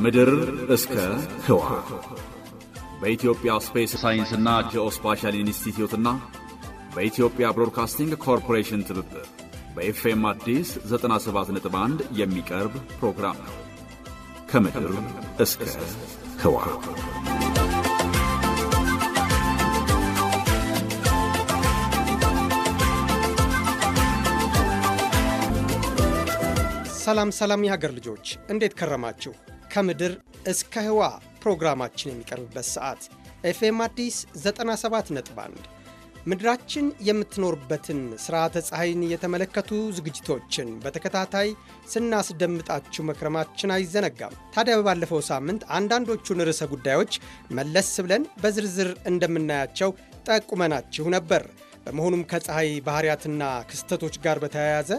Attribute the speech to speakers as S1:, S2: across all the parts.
S1: ከምድር እስከ ህዋ በኢትዮጵያ ስፔስ ሳይንስና ጂኦስፓሻል ኢንስቲትዩትና በኢትዮጵያ ብሮድካስቲንግ ኮርፖሬሽን ትብብር በኤፍኤም አዲስ 97.1 የሚቀርብ ፕሮግራም ነው። ከምድር እስከ ህዋ
S2: ሰላም ሰላም፣ የሀገር ልጆች እንዴት ከረማችሁ? ከምድር እስከ ህዋ ፕሮግራማችን የሚቀርብበት ሰዓት ኤፍኤም አዲስ 97 ነጥብ 1 ምድራችን የምትኖርበትን ሥርዓተ ፀሐይን የተመለከቱ ዝግጅቶችን በተከታታይ ስናስደምጣችሁ መክረማችን አይዘነጋም። ታዲያ በባለፈው ሳምንት አንዳንዶቹን ርዕሰ ጉዳዮች መለስ ብለን በዝርዝር እንደምናያቸው ጠቁመናችሁ ነበር። በመሆኑም ከፀሐይ ባሕርያትና ክስተቶች ጋር በተያያዘ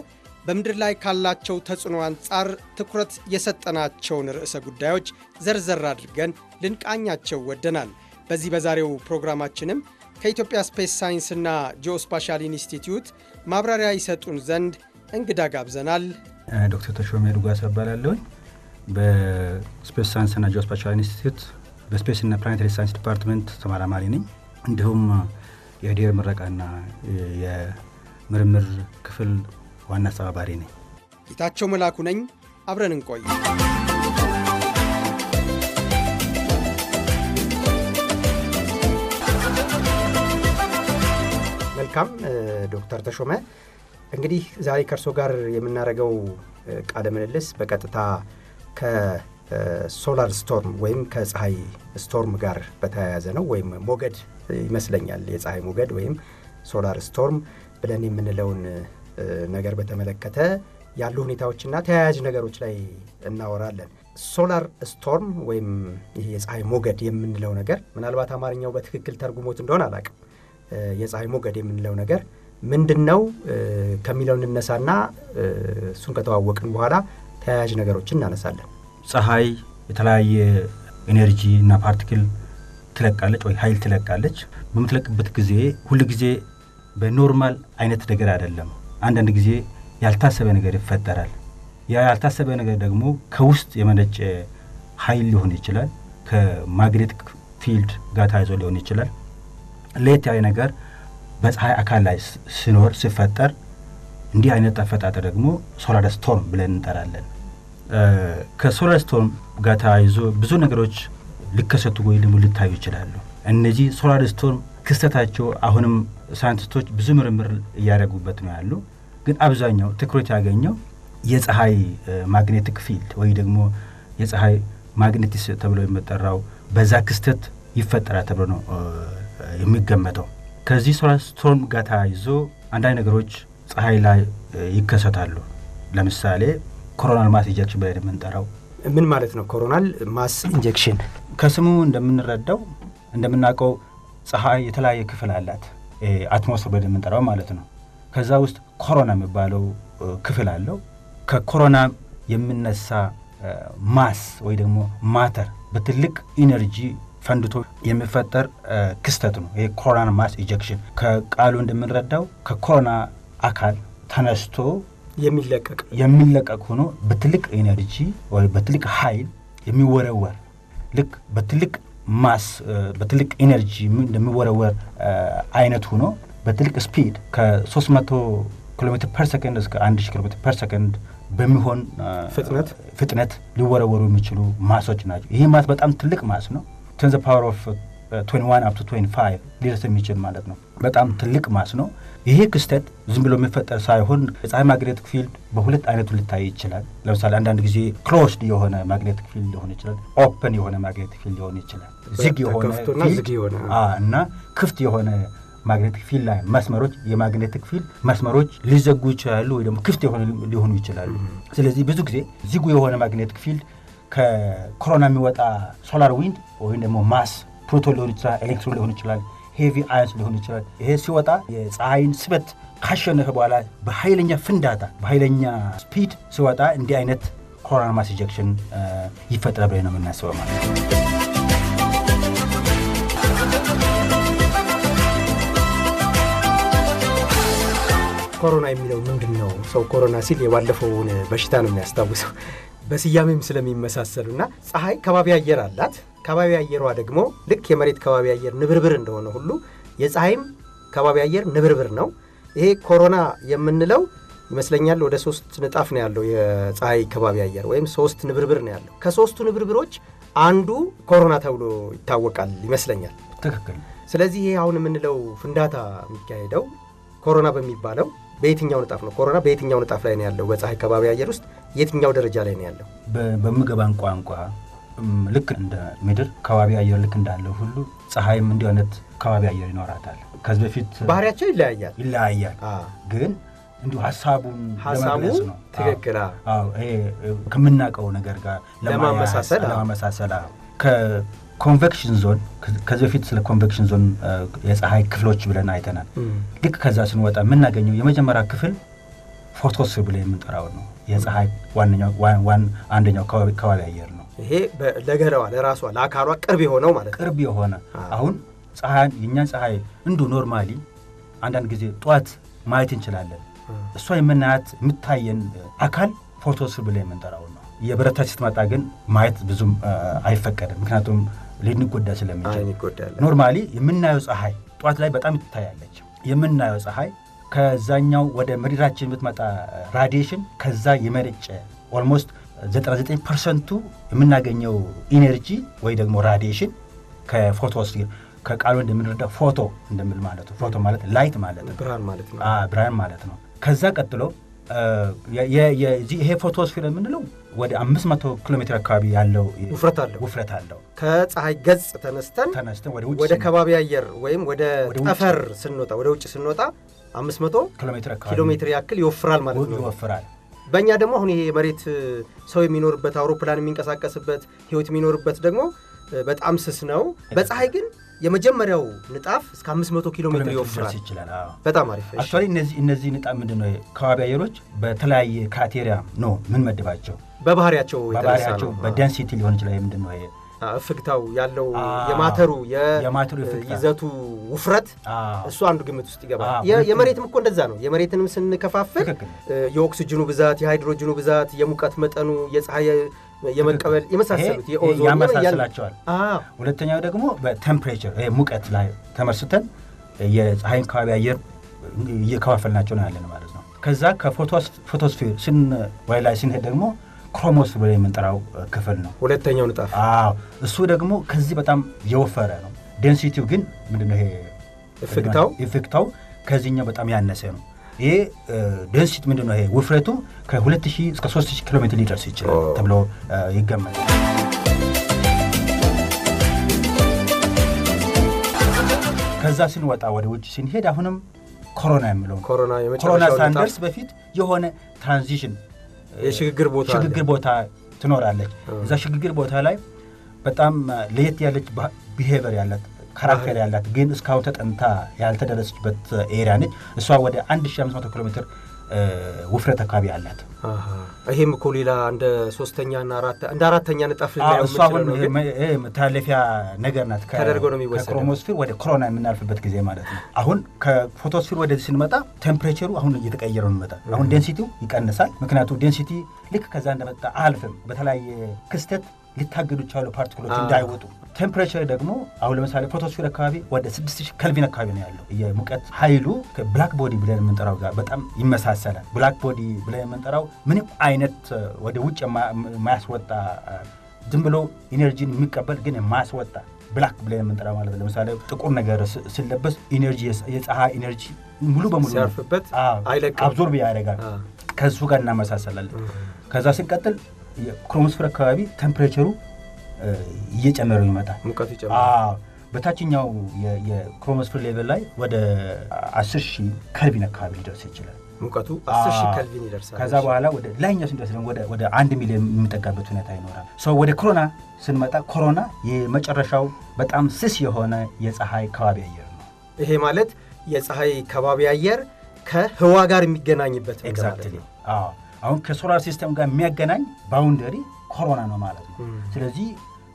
S2: በምድር ላይ ካላቸው ተጽዕኖ አንጻር ትኩረት የሰጠናቸውን ርዕሰ ጉዳዮች ዘርዘር አድርገን ልንቃኛቸው ወደናል። በዚህ በዛሬው ፕሮግራማችንም ከኢትዮጵያ ስፔስ ሳይንስና ጂኦስፓሻል ኢንስቲትዩት ማብራሪያ ይሰጡን ዘንድ እንግዳ ጋብዘናል።
S1: ዶክተር ተሾሜ ዱጋሳ እባላለሁኝ። በስፔስ ሳይንስና ጂኦስፓሻል ኢንስቲትዩት በስፔስና ፕላኔታሪ ሳይንስ ዲፓርትመንት ተመራማሪ ነኝ። እንዲሁም የዲር ምረቃና የምርምር ክፍል ዋና አስተባባሪ ነኝ።
S2: ጌታቸው መላኩ ነኝ። አብረን እንቆይ። መልካም ዶክተር ተሾመ እንግዲህ ዛሬ ከእርሶ ጋር የምናደርገው ቃለ ምልልስ በቀጥታ ከሶላር ስቶርም ወይም ከፀሐይ ስቶርም ጋር በተያያዘ ነው። ወይም ሞገድ ይመስለኛል የፀሐይ ሞገድ ወይም ሶላር ስቶርም ብለን የምንለውን ነገር በተመለከተ ያሉ ሁኔታዎችና ተያያዥ ነገሮች ላይ እናወራለን። ሶላር ስቶርም ወይም ይህ የፀሐይ ሞገድ የምንለው ነገር ምናልባት አማርኛው በትክክል ተርጉሞት እንደሆነ አላቅም። የፀሐይ ሞገድ የምንለው ነገር ምንድን ነው ከሚለው እንነሳና እሱን ከተዋወቅን በኋላ ተያያዥ ነገሮችን እናነሳለን።
S1: ፀሐይ የተለያየ ኤነርጂ እና ፓርቲክል ትለቃለች ወይ ኃይል ትለቃለች። በምትለቅበት ጊዜ ሁል ጊዜ በኖርማል አይነት ነገር አይደለም አንዳንድ ጊዜ ያልታሰበ ነገር ይፈጠራል። ያ ያልታሰበ ነገር ደግሞ ከውስጥ የመነጨ ኃይል ሊሆን ይችላል። ከማግኔቲክ ፊልድ ጋር ታይዞ ሊሆን ይችላል። ለየት ያለ ነገር በፀሐይ አካል ላይ ሲኖር ሲፈጠር፣ እንዲህ አይነት አፈጣጠር ደግሞ ሶላር ስቶርም ብለን እንጠራለን። ከሶላር ስቶርም ጋር ተያይዞ ብዙ ነገሮች ሊከሰቱ ወይ ደግሞ ሊታዩ ይችላሉ። እነዚህ ሶላር ስቶርም ክስተታቸው አሁንም ሳይንቲስቶች ብዙ ምርምር እያደረጉበት ነው ያሉ። ግን አብዛኛው ትኩረት ያገኘው የፀሐይ ማግኔቲክ ፊልድ ወይ ደግሞ የፀሐይ ማግኔቲስ ተብሎ የሚጠራው በዛ ክስተት ይፈጠራል ተብሎ ነው የሚገመተው። ከዚህ ሶላር ስቶርም ጋር ተያይዞ አንዳንድ ነገሮች ፀሐይ ላይ ይከሰታሉ። ለምሳሌ ኮሮናል ማስ ኢንጀክሽን ብለን የምንጠራው ምን ማለት ነው? ኮሮናል ማስ ኢንጀክሽን ከስሙ እንደምንረዳው እንደምናውቀው ፀሐይ የተለያየ ክፍል አላት፣ አትሞስፌር ብለን የምንጠራው ማለት ነው። ከዛ ውስጥ ኮሮና የሚባለው ክፍል አለው። ከኮሮና የሚነሳ ማስ ወይ ደግሞ ማተር በትልቅ ኢነርጂ ፈንድቶ የሚፈጠር ክስተት ነው። ይሄ ኮሮና ማስ ኢጀክሽን ከቃሉ እንደምንረዳው ከኮሮና አካል ተነስቶ የሚለቀቅ የሚለቀቅ ሆኖ በትልቅ ኢነርጂ ወይ በትልቅ ኃይል የሚወረወር ልክ በትልቅ ማስ በትልቅ ኢነርጂ እንደሚወረወር አይነት ሆኖ በትልቅ ስፒድ ከ300 ኪሎ ሜትር ፐር ሰከንድ እስከ 1 ኪሎ ሜትር ፐር ሰከንድ በሚሆን ፍጥነት ፍጥነት ሊወረወሩ የሚችሉ ማሶች ናቸው። ይህ ማስ በጣም ትልቅ ማስ ነው። ቴን ዘ ፓወር ኦፍ 21 አፕ ቱ 25 ሊደርስ የሚችል ማለት ነው። በጣም ትልቅ ማስ ነው። ይሄ ክስተት ዝም ብሎ የሚፈጠር ሳይሆን የፀሐይ ማግኔቲክ ፊልድ በሁለት አይነቱ ሊታይ ይችላል። ለምሳሌ አንዳንድ ጊዜ ክሎስድ የሆነ ማግኔቲክ ፊልድ ሊሆን ይችላል፣ ኦፕን የሆነ ማግኔቲክ ፊልድ ሊሆን ይችላል። ዝግ የሆነ እና ክፍት የሆነ ማግኔቲክ ፊልድ ላይ መስመሮች የማግኔቲክ ፊልድ መስመሮች ሊዘጉ ይችላሉ ወይ ደግሞ ክፍት የሆነ ሊሆኑ ይችላሉ። ስለዚህ ብዙ ጊዜ ዝጉ የሆነ ማግኔቲክ ፊልድ ከኮሮና የሚወጣ ሶላር ዊንድ ወይም ደግሞ ማስ ፕሮቶን ሊሆን ይችላል፣ ኤሌክትሮን ሊሆን ይችላል፣ ሄቪ አያንስ ሊሆን ይችላል። ይሄ ሲወጣ የፀሐይን ስበት ካሸነፈ በኋላ በኃይለኛ ፍንዳታ በኃይለኛ ስፒድ ሲወጣ እንዲህ አይነት ኮሮና ማስ ኢጀክሽን ይፈጠራል ብለን ነው የምናስበው ማለት ነው።
S2: ኮሮና የሚለው ምንድን ነው? ሰው ኮሮና ሲል የባለፈውን በሽታ ነው የሚያስታውሰው በስያሜም እና ፀሐይ ከባቢ አየር አላት ከባቢ አየሯ ደግሞ ልክ የመሬት ከባቢ አየር ንብርብር እንደሆነ ሁሉ የፀሐይም ከባቢ አየር ንብርብር ነው። ይሄ ኮሮና የምንለው ይመስለኛል ወደ ሶስት ንጣፍ ነው ያለው የፀሐይ ከባቢ አየር ወይም ሶስት ንብርብር ነው ያለው። ከሶስቱ ንብርብሮች አንዱ ኮሮና ተብሎ ይታወቃል ይመስለኛል። ትክክል። ስለዚህ ይሄ አሁን የምንለው ፍንዳታ የሚካሄደው ኮሮና በሚባለው በየትኛው ንጣፍ ነው? ኮሮና በየትኛው ንጣፍ ላይ ነው ያለው? በፀሐይ ከባቢ አየር ውስጥ የትኛው ደረጃ ላይ ነው ያለው?
S1: በምገባን ቋንቋ ልክ እንደ ምድር ከባቢ አየር ልክ እንዳለው ሁሉ ፀሐይም እንዲህ አይነት ከባቢ አየር ይኖራታል። ከዚህ በፊት
S2: ባህሪያቸው ይለያያል ይለያያል ግን
S1: እንዲሁ ሀሳቡን ለመግለጽ ነው። ትክክል ከምናውቀው ነገር ጋር ለማመሳሰል ለማመሳሰል ከኮንቨክሽን ዞን ከዚህ በፊት ስለ ኮንቨክሽን ዞን የፀሐይ ክፍሎች ብለን አይተናል። ልክ ከዛ ስንወጣ የምናገኘው የመጀመሪያ ክፍል ፎቶስ ብለን የምንጠራው ነው። የፀሐይ ዋነኛው አንደኛው ከባቢ አየር ነው።
S2: ይሄ ለገላዋ ለራሷ ለአካሏ ቅርብ የሆነው ማለት ቅርብ የሆነ አሁን
S1: ፀሐይ የእኛን ፀሐይ እንዱ ኖርማሊ አንዳንድ ጊዜ ጠዋት ማየት እንችላለን። እሷ የምናያት የምታየን አካል ፎቶስር ብለን የምንጠራው ነው። የበረታች ስትመጣ ግን ማየት ብዙም አይፈቀድም። ምክንያቱም ልንጎዳ ስለሚችል ኖርማሊ የምናየው ፀሐይ ጠዋት ላይ በጣም ትታያለች። የምናየው ፀሐይ ከዛኛው ወደ ምድራችን የምትመጣ ራዲሽን ከዛ የመነጨ ኦልሞስት 99 ፐርሰንቱ የምናገኘው ኢነርጂ ወይ ደግሞ ራዲሽን ከፎቶስፌር ከቃሉ እንደምንረዳ ፎቶ እንደምል ማለት ፎቶ ማለት ላይት ማለት ነው፣ ብርሃን ማለት ነው። ከዛ ቀጥሎ ይሄ ፎቶስፊር የምንለው ወደ 500 ኪሎ ሜትር አካባቢ ያለው ውፍረት አለው። ከፀሐይ ገጽ
S2: ተነስተን ተነስተን ወደ ከባቢ አየር ወይም ወደ ጠፈር ስንወጣ ወደ ውጭ ስንወጣ 500 ኪሎ ሜትር ያክል ይወፍራል ማለት ነው። ይወፍራል በእኛ ደግሞ አሁን ይሄ የመሬት ሰው የሚኖርበት አውሮፕላን የሚንቀሳቀስበት ህይወት የሚኖርበት ደግሞ በጣም ስስ ነው። በፀሐይ ግን የመጀመሪያው ንጣፍ እስከ 500 ኪሎ ሜትር ይወፍራል
S1: ይችላል። በጣም አሪፍ። አክቹዋሊ እነዚህ እነዚህ ንጣፍ ምንድን ነው ከባቢ አየሮች በተለያየ ካቴሪያ ነው ምን መድባቸው በባህሪያቸው በባህሪያቸው በደንሲቲ ሊሆን ይችላል ምንድን ነው
S2: ፍግታው ያለው የማተሩ ይዘቱ ውፍረት እሱ አንዱ ግምት ውስጥ ይገባል። የመሬትም እኮ እንደዛ ነው። የመሬትንም ስንከፋፍል የኦክስጅኑ ብዛት፣ የሃይድሮጅኑ ብዛት፣ የሙቀት መጠኑ፣ የፀሐይ የመቀበል የመሳሰሉት የኦዞን ያመሳስላቸዋል።
S1: ሁለተኛው ደግሞ በቴምፕሬቸር ሙቀት ላይ ተመርስተን የፀሐይን ከባቢ አየር እየከፋፈልናቸው ነው ያለን ማለት ነው። ከዛ ከፎቶስፌር ስን ወይ ላይ ስንሄድ ደግሞ ክሮሞስ ብለ የምንጠራው ክፍል ነው። ሁለተኛው ንጣፍ። አዎ እሱ ደግሞ ከዚህ በጣም የወፈረ ነው። ዴንሲቲው ግን ምንድነው ይሄ ኢፌክታው ኢፌክታው ከዚህኛው በጣም ያነሰ ነው። ይሄ ዴንሲቲ ምንድነው ይሄ ውፍረቱ ከ2000 እስከ 3000 ኪሎ ሜትር ሊደርስ ይችላል ተብሎ ይገመታል። ከዛ ስንወጣ ወደ ውጭ ስንሄድ አሁንም ኮሮና የሚለው
S2: ኮሮና ሳንደርስ በፊት
S1: የሆነ ትራንዚሽን ሽግግር ቦታ ትኖራለች። እዛ ሽግግር ቦታ ላይ በጣም ለየት ያለች ቢሄቨር ያላት ካራክተር ያላት ግን እስካሁን ተጠንታ ያልተደረሰችበት ኤሪያ ነች። እሷ ወደ 1500 ኪሎ ሜትር ውፍረት አካባቢ አላት።
S2: ይሄም እኮ ሌላ እንደ ሶስተኛ ና እንደ አራተኛ ንጣፍ እሱ አሁን
S1: መተላለፊያ ነገር ናት። ተደርጎ ነው የሚወሰደው ከክሮሞስፊር ወደ ኮሮና የምናልፍበት ጊዜ ማለት ነው። አሁን ከፎቶስፊር ወደዚህ ስንመጣ ቴምፕሬቸሩ አሁን እየተቀየረ ነው የሚመጣ። አሁን ዴንሲቲው ይቀንሳል። ምክንያቱ ዴንሲቲ ልክ ከዛ እንደመጣ አልፍም በተለያየ ክስተት ሊታገዱ ይቻሉ ፓርቲክሎች እንዳይወጡ። ቴምፕሬቸር ደግሞ አሁን ለምሳሌ ፎቶስፌር አካባቢ ወደ 6000 ከልቪን አካባቢ ነው ያለው። የሙቀት ኃይሉ ከብላክ ቦዲ ብለን የምንጠራው ጋር በጣም ይመሳሰላል። ብላክ ቦዲ ብለን የምንጠራው ምንም አይነት ወደ ውጭ የማያስወጣ ዝም ብሎ ኢነርጂን የሚቀበል ግን የማያስወጣ ብላክ ብለን የምንጠራው ማለት ለምሳሌ ጥቁር ነገር ስለበስ ኢነርጂ የፀሐይ ኢነርጂ ሙሉ በሙሉ ሲያርፍበት አብዞርብ ያደርጋል። ከሱ ጋር እናመሳሰላለን። ከዛ ስንቀጥል ክሮሞስፌር አካባቢ ቴምፕሬቸሩ እየጨመረው ይመጣል። ሙቀቱ ይጨምራል። በታችኛው የክሮሞስፌር ሌቨል ላይ ወደ 10 ሺህ ከልቪን አካባቢ ሊደርስ ይችላል።
S2: ሙቀቱ 10 ሺህ ከልቪን ይደርሳል። ከዛ በኋላ ወደ ላይኛው
S1: ስንደርስ ደግሞ ወደ አንድ ሚሊዮን የሚጠጋበት ሁኔታ ይኖራል። ሰው ወደ ኮሮና ስንመጣ ኮሮና የመጨረሻው በጣም ስስ የሆነ የፀሐይ ከባቢ አየር ነው።
S2: ይሄ ማለት የፀሐይ ከባቢ አየር
S1: ከህዋ ጋር የሚገናኝበት ነው። ኤግዛክትሊ አሁን ከሶላር ሲስተም ጋር የሚያገናኝ ባውንደሪ ኮሮና ነው ማለት ነው። ስለዚህ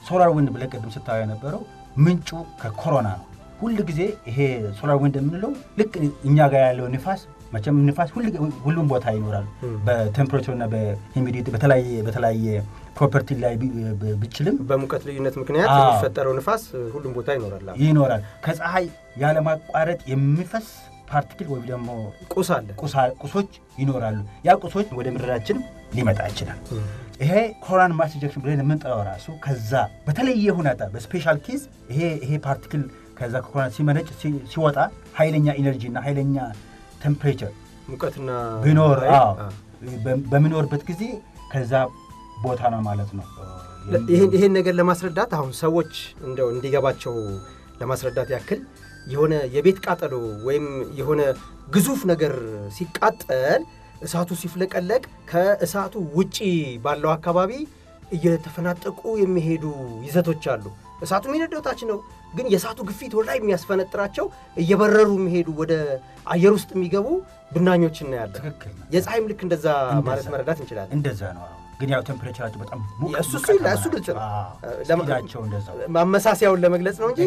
S1: ሶላር ዊንድ ብለህ ቅድም ስታየው የነበረው ምንጩ ከኮሮና ነው። ሁል ጊዜ ይሄ ሶላር ዊንድ የምንለው ልክ እኛ ጋር ያለው ንፋስ መቼም ንፋስ ሁሉም ቦታ ይኖራል። በቴምፕሬቸርና በሂሚዲቲ በተለያየ በተለያየ ፕሮፐርቲ ላይ
S2: ብችልም በሙቀት ልዩነት ምክንያት የሚፈጠረው ንፋስ ሁሉም ቦታ ይኖራል ይኖራል
S1: ከፀሐይ ያለማቋረጥ የሚፈስ ፓርቲክል ወይም ደግሞ ቁስ አለ ቁሶች ይኖራሉ። ያ ቁሶች ወደ ምድራችን ሊመጣ ይችላል። ይሄ ኮሮናን ማስ ኢጀክሽን ብለን የምንጠራው ራሱ ከዛ በተለየ ሁኔታ በስፔሻል ኬዝ ይሄ ይሄ ፓርቲክል ከዛ ከኮሮና ሲመነጭ ሲወጣ ኃይለኛ ኢነርጂ እና ኃይለኛ ቴምፕሬቸር
S2: ሙቀትና ቢኖር በሚኖርበት ጊዜ ከዛ ቦታ ነው ማለት ነው። ይህን ነገር ለማስረዳት አሁን ሰዎች እንደው እንዲገባቸው ለማስረዳት ያክል የሆነ የቤት ቃጠሎ ወይም የሆነ ግዙፍ ነገር ሲቃጠል እሳቱ ሲፍለቀለቅ ከእሳቱ ውጪ ባለው አካባቢ እየተፈናጠቁ የሚሄዱ ይዘቶች አሉ። እሳቱ የሚነደው ታች ነው፣ ግን የእሳቱ ግፊት ወደ ላይ የሚያስፈነጥራቸው እየበረሩ የሚሄዱ ወደ አየር ውስጥ የሚገቡ ብናኞች እናያለን። የፀሐይ ልክ እንደዛ ማለት መረዳት እንችላለን። እንደዛ ነው።
S1: ግን ያው ቴምፕሬቸራቸው በጣም
S2: እሱ እሱ ልጭራቸው እንደዛ ማመሳሰያውን ለመግለጽ ነው እንጂ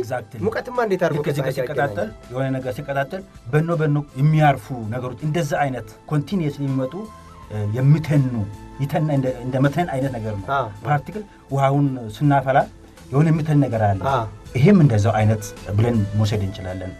S2: ሙቀትማ
S1: እንዴት አድርጎ ሲቀጣጠል የሆነ ነገር ሲቀጣጠል በኖ በኖ የሚያርፉ ነገሮች እንደዛ አይነት ኮንቲኒየስ የሚመጡ የሚተኑ ይተና እንደ መተን አይነት ነገር ነው። ፓርቲክል ውሃውን ስናፈላ የሆነ የሚተን ነገር አለ። ይሄም እንደዛው አይነት ብለን መውሰድ እንችላለን።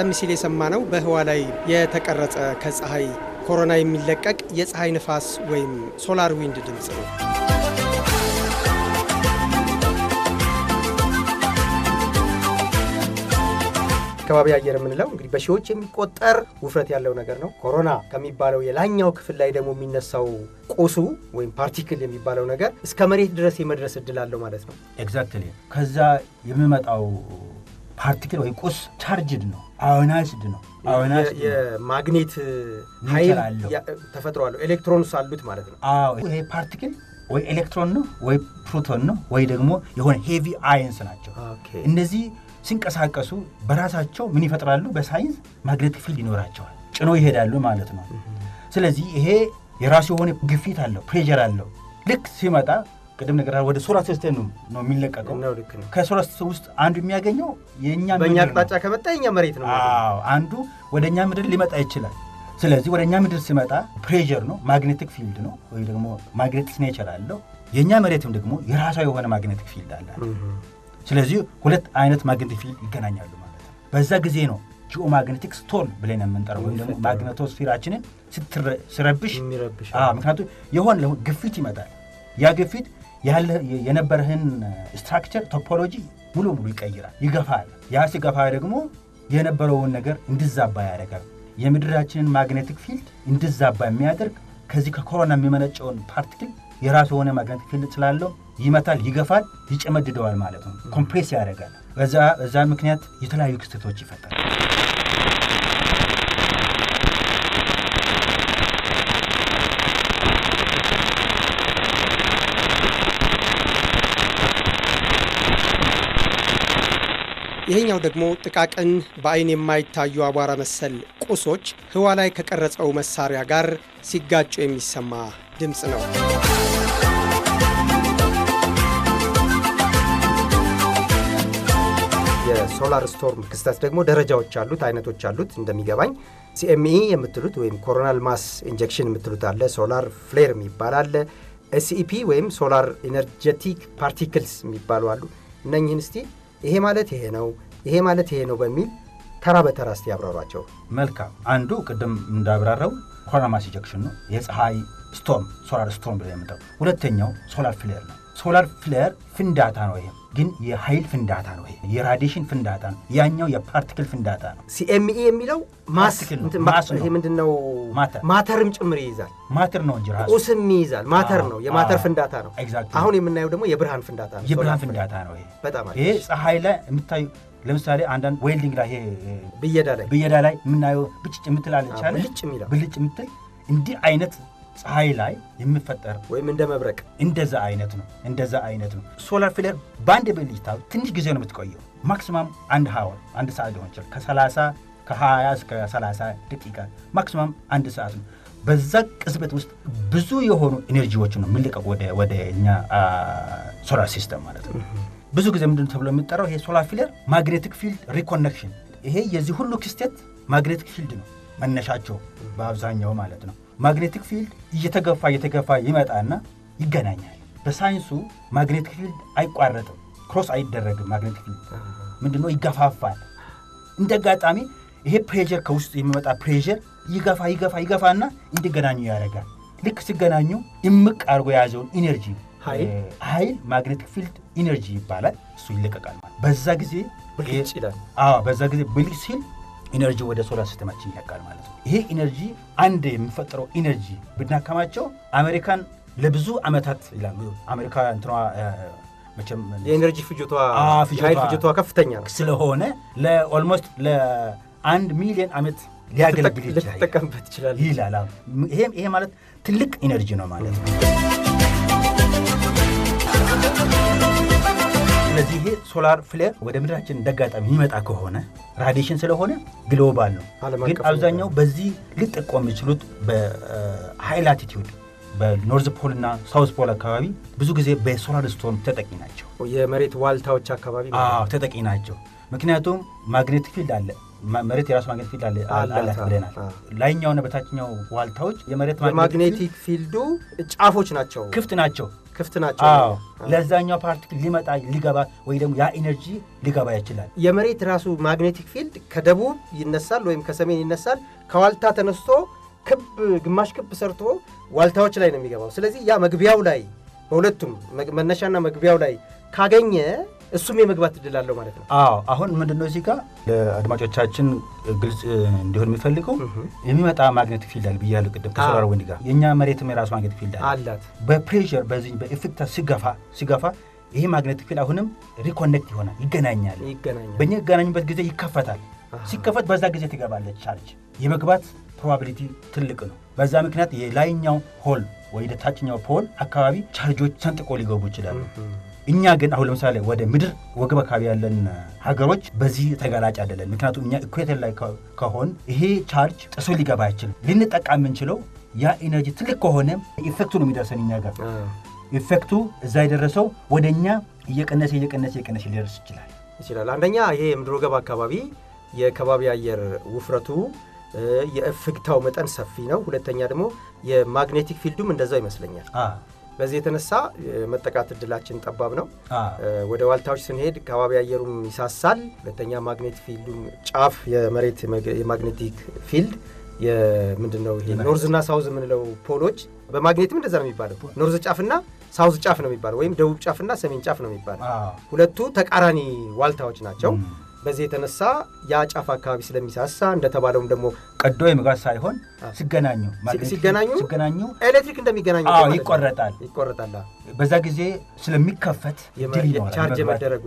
S2: ቀደም ሲል የሰማነው በህዋ ላይ የተቀረጸ ከፀሐይ ኮሮና የሚለቀቅ የፀሐይ ንፋስ ወይም ሶላር ዊንድ ድምፅ ነው። አካባቢ አየር የምንለው እንግዲህ በሺዎች የሚቆጠር ውፍረት ያለው ነገር ነው። ኮሮና ከሚባለው የላይኛው ክፍል ላይ ደግሞ የሚነሳው ቁሱ ወይም ፓርቲክል የሚባለው ነገር እስከ መሬት ድረስ የመድረስ እድል አለው ማለት ነው። ኤግዛክትሊ
S1: ከዛ የሚመጣው ፓርቲክል ወይ ቁስ ቻርጅድ ነው፣ አዮናይዝድ ነው።
S2: የማግኔት ኃይል ተፈጥሮ አለው። ኤሌክትሮንስ አሉት ማለት ነው። አዎ ይሄ ፓርቲክል
S1: ወይ ኤሌክትሮን ነው ወይ ፕሮቶን ነው ወይ ደግሞ የሆነ ሄቪ አይንስ ናቸው። እነዚህ ሲንቀሳቀሱ በራሳቸው ምን ይፈጥራሉ? በሳይንስ ማግኔቲክ ፊልድ ይኖራቸዋል፣ ጭኖ ይሄዳሉ ማለት ነው። ስለዚህ ይሄ የራሱ የሆነ ግፊት አለው፣ ፕሬር አለው። ልክ ሲመጣ ቅድም ነገር ወደ ሶላ ውስጥ ነው ነው የሚለቀቀው። ከሶላ ከሱራት ውስጥ አንዱ የሚያገኘው የእኛ በእኛ አቅጣጫ ከመጣ የኛ መሬት ነው። አዎ አንዱ ወደ እኛ ምድር ሊመጣ ይችላል። ስለዚህ ወደ እኛ ምድር ሲመጣ ፕሬዠር ነው፣ ማግኔቲክ ፊልድ ነው ወይ ደግሞ ማግኔቲክ ኔቸር አለው። የእኛ መሬትም ደግሞ የራሷ የሆነ ማግኔቲክ ፊልድ አለ። ስለዚህ ሁለት አይነት ማግኔቲክ ፊልድ ይገናኛሉ ማለት ነው። በዛ ጊዜ ነው ጂኦ ማግኔቲክ ስቶን ብለን የምንጠራው ወይም ደግሞ ማግኔቶስፊራችንን ስትረብሽ፣ ምክንያቱም የሆነ ግፊት ይመጣል ያ ግፊት የነበረህን ስትራክቸር ቶፖሎጂ ሙሉ ሙሉ ይቀይራል፣ ይገፋል። ያ ሲገፋ ደግሞ የነበረውን ነገር እንድዛባ ያደርጋል። የምድራችንን ማግኔቲክ ፊልድ እንድዛባ የሚያደርግ ከዚህ ከኮሮና የሚመነጨውን ፓርቲክል የራሱ የሆነ ማግኔቲክ ፊልድ ስላለው ይመታል፣ ይገፋል፣ ይጨመድደዋል ማለት ነው። ኮምፕሬስ ያደርጋል። በዛ ምክንያት የተለያዩ ክስተቶች ይፈጠራል።
S2: ይህኛው ደግሞ ጥቃቅን በአይን የማይታዩ አቧራ መሰል ቁሶች ህዋ ላይ ከቀረጸው መሳሪያ ጋር ሲጋጩ የሚሰማ ድምፅ ነው። የሶላር ስቶርም ክስተት ደግሞ ደረጃዎች አሉት፣ አይነቶች አሉት እንደሚገባኝ ሲኤምኢ የምትሉት ወይም ኮሮናል ማስ ኢንጀክሽን የምትሉት አለ። ሶላር ፍሌር የሚባል አለ። ኤስኢፒ ወይም ሶላር ኢነርጀቲክ ፓርቲክልስ የሚባሉ አሉ። እነኝህን እስቲ ይሄ ማለት ይሄ ነው፣ ይሄ ማለት ይሄ ነው በሚል ተራ በተራ እስቲ ያብራሯቸው።
S1: መልካም። አንዱ ቅድም እንዳብራራው ኮሮና ማስ ኢጀክሽን ነው፣ የፀሐይ ስቶርም ሶላር ስቶርም ብለ የምጠው። ሁለተኛው ሶላር ፍሌር ነው። ሶላር ፍለር ፍንዳታ ነው። ይሄ ግን የኃይል ፍንዳታ ነው። ይሄ የራዲሽን ፍንዳታ ነው። ያኛው የፓርቲክል
S2: ፍንዳታ ነው። ሲኤምኢ የሚለው ምንድነው? ማተርም ጭምር ይይዛል። ማተር ነው እንጂ ራሱ ቁስም ይይዛል። ማተር ነው፣ የማተር ፍንዳታ ነው። አሁን የምናየው ደግሞ የብርሃን ፍንዳታ ነው። የብርሃን ፍንዳታ ነው። ይሄ በጣም ይሄ
S1: ፀሐይ ላይ የምታዩ ለምሳሌ አንዳንድ ዌልዲንግ ላይ ይሄ ብየዳ ላይ ብየዳ ላይ የምናየው ብጭጭ የምትል አለቻለ ብልጭ የምትል እንዲህ አይነት ፀሐይ ላይ የምፈጠር ወይም እንደ መብረቅ እንደዛ አይነት ነው። እንደዛ አይነት ነው። ሶላር ፊለር በአንድ ብልጅታ ትንሽ ጊዜ ነው የምትቆየው። ማክሲማም አንድ ሀወር አንድ ሰዓት ሊሆን ይችላል። ከ30 ከ20 እስከ 30 ደቂቃ ማክሲማም አንድ ሰዓት ነው። በዛ ቅጽበት ውስጥ ብዙ የሆኑ ኤነርጂዎች ነው የምንልቀቅ ወደ እኛ ሶላር ሲስተም ማለት ነው። ብዙ ጊዜ ምንድን ተብሎ የሚጠራው ይሄ ሶላር ፊለር ማግኔቲክ ፊልድ ሪኮኔክሽን፣ ይሄ የዚህ ሁሉ ክስተት ማግኔቲክ ፊልድ ነው መነሻቸው በአብዛኛው ማለት ነው። ማግኔቲክ ፊልድ እየተገፋ እየተገፋ ይመጣና ይገናኛል። በሳይንሱ ማግኔቲክ ፊልድ አይቋረጥም፣ ክሮስ አይደረግም። ማግኔቲክ ፊልድ ምንድነው? ይገፋፋል። እንደ አጋጣሚ ይሄ ፕሬዠር ከውስጥ የሚመጣ ፕሬዠር ይገፋ ይገፋ ይገፋና እንዲገናኙ ያደርጋል። ልክ ሲገናኙ እምቅ አድርጎ የያዘውን ኢነርጂ ኃይል ማግኔቲክ ፊልድ ኢነርጂ ይባላል። እሱ ይለቀቃል ማለት በዛ ጊዜ ብልጭ ይላል። በዛ ጊዜ ብልጭ ሲል ኢነርጂ ወደ ሶላር ሲስተማችን ይለቃል ማለት ነው። ይሄ ኢነርጂ አንድ የሚፈጠረው ኢነርጂ ብናከማቸው አሜሪካን ለብዙ ዓመታት ይላሉ። አሜሪካ እንትኗ የኤነርጂ ፍጆቷ ከፍተኛ ነው ስለሆነ ለኦልሞስት ለአንድ ሚሊዮን ዓመት ሊያገለግል ይችላል ልትጠቀምበት ይችላል ይላል። ይሄ ማለት ትልቅ ኢነርጂ ነው ማለት ነው። ስለዚህ ይሄ ሶላር ፍሌር ወደ ምድራችን እንዳጋጣሚ የሚመጣ ከሆነ ራዲሽን ስለሆነ ግሎባል ነው። ግን አብዛኛው በዚህ ሊጠቋ የሚችሉት በሃይ ላቲቲዩድ በኖርዝ ፖል እና ሳውዝ ፖል አካባቢ ብዙ ጊዜ በሶላር ስቶርም ተጠቂ ናቸው።
S2: የመሬት ዋልታዎች አካባቢ ተጠቂ ናቸው።
S1: ምክንያቱም ማግኔት ፊልድ አለ። መሬት የራሱ ማግኔት ፊልድ አላት ብለናል። ላይኛውና በታችኛው ዋልታዎች
S2: የመሬት ማግኔቲክ ፊልዱ
S1: ጫፎች ናቸው፣ ክፍት ናቸው። ክፍት ናቸው። ለዛኛው ፓርቲክል ሊመጣ ሊገባ ወይ ደግሞ ያ ኢነርጂ ሊገባ ይችላል።
S2: የመሬት ራሱ ማግኔቲክ ፊልድ ከደቡብ ይነሳል ወይም ከሰሜን ይነሳል። ከዋልታ ተነስቶ ክብ ግማሽ ክብ ሰርቶ ዋልታዎች ላይ ነው የሚገባው። ስለዚህ ያ መግቢያው ላይ በሁለቱም መነሻና መግቢያው ላይ ካገኘ እሱም የመግባት እድል አለው ማለት ነው። አዎ አሁን ምንድነው እዚህ ጋር
S1: ለአድማጮቻችን ግልጽ እንዲሆን የሚፈልገው የሚመጣ ማግኔቲክ ፊልድ አለ ብያለሁ ቅድም ከሶላር ወንድ ጋር የእኛ መሬትም የራሱ ማግኔቲክ ፊልድ አላት። በፕሬሽር በዚህ በኢፌክታ ሲገፋ ሲገፋ ይሄ ማግኔቲክ ፊልድ አሁንም ሪኮኔክት ይሆናል፣ ይገናኛል። በእኛ ይገናኙበት ጊዜ ይከፈታል። ሲከፈት በዛ ጊዜ ትገባለች ቻርጅ። የመግባት ፕሮባቢሊቲ ትልቅ ነው። በዛ ምክንያት የላይኛው ሆል ወይ ታችኛው ፖል አካባቢ ቻርጆች ሰንጥቆ ሊገቡ ይችላሉ። እኛ ግን አሁን ለምሳሌ ወደ ምድር ወገብ አካባቢ ያለን ሀገሮች በዚህ ተጋላጭ አይደለን። ምክንያቱም እኛ ኢኩዌተር ላይ ከሆን ይሄ ቻርጅ ጥሶ ሊገባ አይችልም። ልንጠቃ የምንችለው ያ ኢነርጂ ትልቅ ከሆነ ኢፌክቱ ነው የሚደርሰን እኛ ጋር። ኢፌክቱ እዛ የደረሰው ወደ እኛ እየቀነሰ እየቀነሰ እየቀነሰ ሊደርስ ይችላል
S2: ይችላል። አንደኛ ይሄ የምድር ወገብ አካባቢ የከባቢ አየር ውፍረቱ የእፍግታው መጠን ሰፊ ነው። ሁለተኛ ደግሞ የማግኔቲክ ፊልዱም እንደዛው ይመስለኛል። በዚህ የተነሳ መጠቃት እድላችን ጠባብ ነው። ወደ ዋልታዎች ስንሄድ ከባቢ አየሩም ይሳሳል። ሁለተኛ ማግኔት ፊልዱን ጫፍ የመሬት የማግኔቲክ ፊልድ ምንድን ነው ይሄ ና ሳውዝ የምንለው ፖሎች በማግኔትም እንደዛ ነው የሚባለው። ኖርዝ ጫፍና ሳውዝ ጫፍ ነው የሚባለው፣ ወይም ደቡብ ጫፍና ሰሜን ጫፍ ነው የሚባለው። ሁለቱ ተቃራኒ ዋልታዎች ናቸው። በዚህ የተነሳ የአጫፍ አካባቢ ስለሚሳሳ እንደተባለውም ደግሞ ቀዶ የመግባት ሳይሆን
S1: ሲገናኙ ሲገናኙ ሲገናኙ
S2: ኤሌክትሪክ እንደሚገናኙ ይቆረጣል ይቆረጣል። በዛ
S1: ጊዜ ስለሚከፈት
S2: እድል ቻርጅ መደረጉ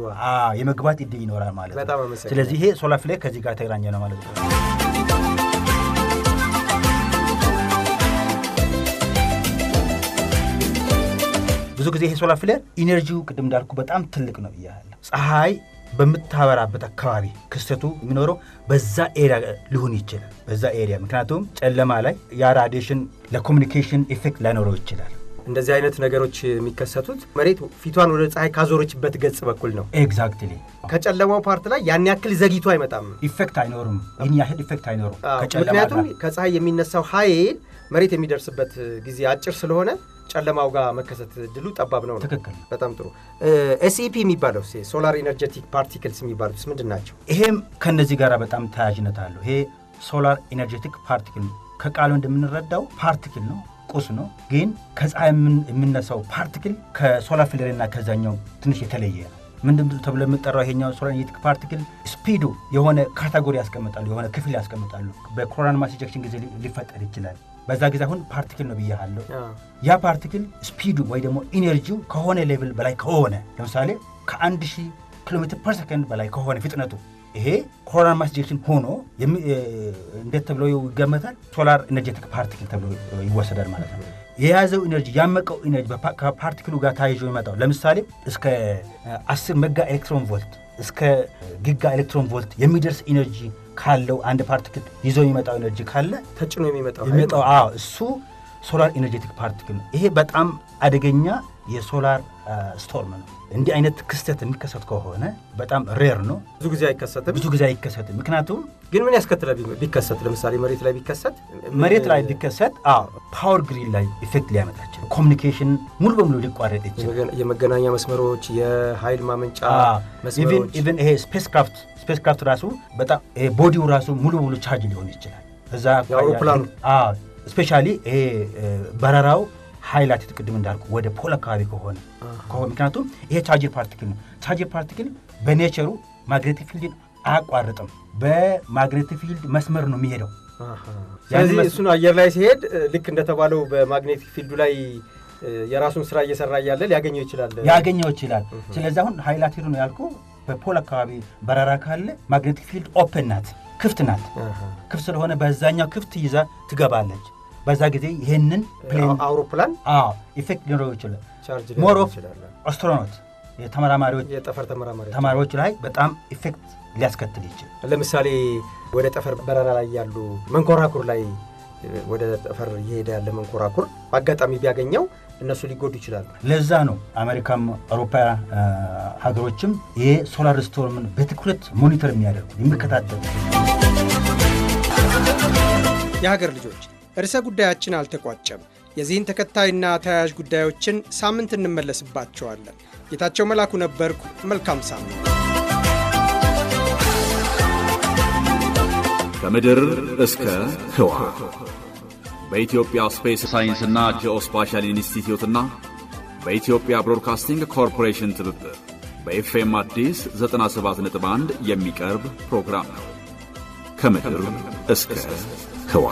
S1: የመግባት እድል ይኖራል
S2: ማለት ነው። ስለዚህ ይሄ
S1: ሶላር ፍሌር ከዚህ ጋር ተገናኘ ነው ማለት ነው። ብዙ ጊዜ ይሄ ሶላር ፍሌር ኢነርጂው ቅድም እንዳልኩ በጣም ትልቅ ነው ብያለሁ። ፀሐይ በምታበራበት አካባቢ ክስተቱ የሚኖረው በዛ ኤሪያ ሊሆን ይችላል። በዛ ኤሪያ ምክንያቱም ጨለማ ላይ ያ ራዲሽን ለኮሚኒኬሽን ኢፌክት ላይኖረው ይችላል።
S2: እንደዚህ አይነት ነገሮች የሚከሰቱት መሬት ፊቷን ወደ ፀሐይ ካዞረችበት ገጽ በኩል ነው። ኤግዛክትሊ ከጨለማው ፓርት ላይ ያን ያክል ዘግይቶ አይመጣም። ኢፌክት አይኖርም። ይህን ያህል ኢፌክት አይኖርም። ምክንያቱም ከፀሐይ የሚነሳው ኃይል መሬት የሚደርስበት ጊዜ አጭር ስለሆነ ጨለማው ጋር መከሰት እድሉ ጠባብ ነው። ትክክል። በጣም ጥሩ። ኤስኢፒ የሚባለው ሶላር ኤነርጀቲክ ፓርቲክልስ የሚባሉት ምንድን ናቸው?
S1: ይሄም ከእነዚህ ጋር በጣም ተያያዥነት አለው። ይሄ ሶላር ኤነርጀቲክ ፓርቲክል ከቃሉ እንደምንረዳው ፓርቲክል ነው ቁስ ነው። ግን ከፀሐይ የምነሳው ፓርቲክል ከሶላር ፍሌርና ከዛኛው ትንሽ የተለየ ነው። ምንድን ተብሎ የምጠራው ይሄኛው ሶላር ኤነርጀቲክ ፓርቲክል ስፒዱ የሆነ ካታጎሪ ያስቀምጣሉ፣ የሆነ ክፍል ያስቀምጣሉ። በኮሮና ማስ ኢጀክሽን ጊዜ ሊፈጠር ይችላል። በዛ ጊዜ አሁን ፓርቲክል ነው ብያሃለሁ። ያ ፓርቲክል ስፒዱ ወይ ደግሞ ኢነርጂው ከሆነ ሌቭል በላይ ከሆነ ለምሳሌ ከአንድ ሺህ ኪሎ ሜትር ፐር ሰከንድ በላይ ከሆነ ፍጥነቱ ይሄ ኮሮና ማስ ኢጀክሽን ሆኖ እንዴት ተብሎ ይገመታል? ሶላር ኤነርጀቲክ ፓርቲክል ተብሎ ይወሰዳል ማለት ነው። የያዘው ኢነርጂ ያመቀው ኢነርጂ ከፓርቲክሉ ጋር ተያይዞ ይመጣው ለምሳሌ እስከ 10 ሜጋ ኤሌክትሮን ቮልት እስከ ጊጋ ኤሌክትሮን ቮልት የሚደርስ ኢነርጂ ካለው አንድ ፓርቲክል ይዞ የሚመጣው ኤነርጂ ካለ ተጭኖ የሚመጣው አዎ እሱ ሶላር ኤነርጄቲክ ፓርቲክል ነው። ይሄ በጣም አደገኛ የሶላር ስቶርም ነው። እንዲህ አይነት ክስተት የሚከሰት ከሆነ በጣም ሬር ነው፣ ብዙ ጊዜ አይከሰትም። ብዙ ጊዜ አይከሰትም።
S2: ምክንያቱም ግን ምን ያስከትላል ቢከሰት? ለምሳሌ መሬት ላይ ቢከሰት መሬት ላይ ቢከሰት ፓወር ግሪድ ላይ ኢፌክት ሊያመጣቸው፣ ኮሚኒኬሽን ሙሉ በሙሉ ሊቋረጥ ይችላል። የመገናኛ መስመሮች፣ የኃይል ማመንጫ መስመሮች፣ ኢቨን ይሄ ስፔስክራፍት ስፔስክራፍት ራሱ በጣም
S1: ቦዲው ራሱ ሙሉ በሙሉ ቻርጅ ሊሆን ይችላል።
S2: እዛ አውሮፕላኑ ስፔሻሊ ይሄ
S1: በረራው ሀይላት ቅድም እንዳልኩ ወደ ፖል አካባቢ ከሆነ ከሆነ ምክንያቱም ይሄ ቻርጅር ፓርቲክል ነው። ቻርጅር ፓርቲክል በኔቸሩ ማግኔቲክ ፊልድን አያቋርጥም። በማግኔቲክ ፊልድ መስመር ነው የሚሄደው። ስለዚህ
S2: እሱን አየር ላይ ሲሄድ ልክ እንደተባለው በማግኔቲክ ፊልዱ ላይ የራሱን ስራ እየሰራ እያለ ሊያገኘው ይችላል ያገኘው
S1: ይችላል። ስለዚህ አሁን ሀይላት ሄዱ ነው ያልኩ። በፖል አካባቢ በረራ ካለ ማግኔቲክ ፊልድ ኦፕን ናት፣ ክፍት ናት። ክፍት ስለሆነ በዛኛው ክፍት ይዛ ትገባለች። በዛ ጊዜ ይህንን አውሮፕላን ኢፌክት ሊኖረው ይችላል።
S2: ሞሮፍ አስትሮኖት የተመራማሪዎች የጠፈር ተመራማሪዎች
S1: ላይ በጣም ኢፌክት ሊያስከትል ይችላል። ለምሳሌ
S2: ወደ ጠፈር በረራ ላይ ያሉ መንኮራኩር ላይ ወደ ጠፈር እየሄደ ያለ መንኮራኩር በአጋጣሚ ቢያገኘው እነሱ ሊጎዱ ይችላሉ።
S1: ለዛ ነው አሜሪካም አውሮፓ ሀገሮችም የሶላር ስቶርምን በትኩረት ሞኒተር የሚያደርጉ የሚከታተሉ
S2: የሀገር ልጆች ርዕሰ ጉዳያችን አልተቋጨም። የዚህን ተከታይና ተያያዥ ጉዳዮችን ሳምንት እንመለስባቸዋለን። ጌታቸው መላኩ ነበርኩ። መልካም ሳምንት።
S1: ከምድር እስከ ህዋ በኢትዮጵያ ስፔስ ሳይንስና ጂኦስፓሻል ኢንስቲትዩትና በኢትዮጵያ ብሮድካስቲንግ ኮርፖሬሽን ትብብር በኤፍኤም አዲስ 97.1 የሚቀርብ ፕሮግራም ነው። ከምድር እስከ ህዋ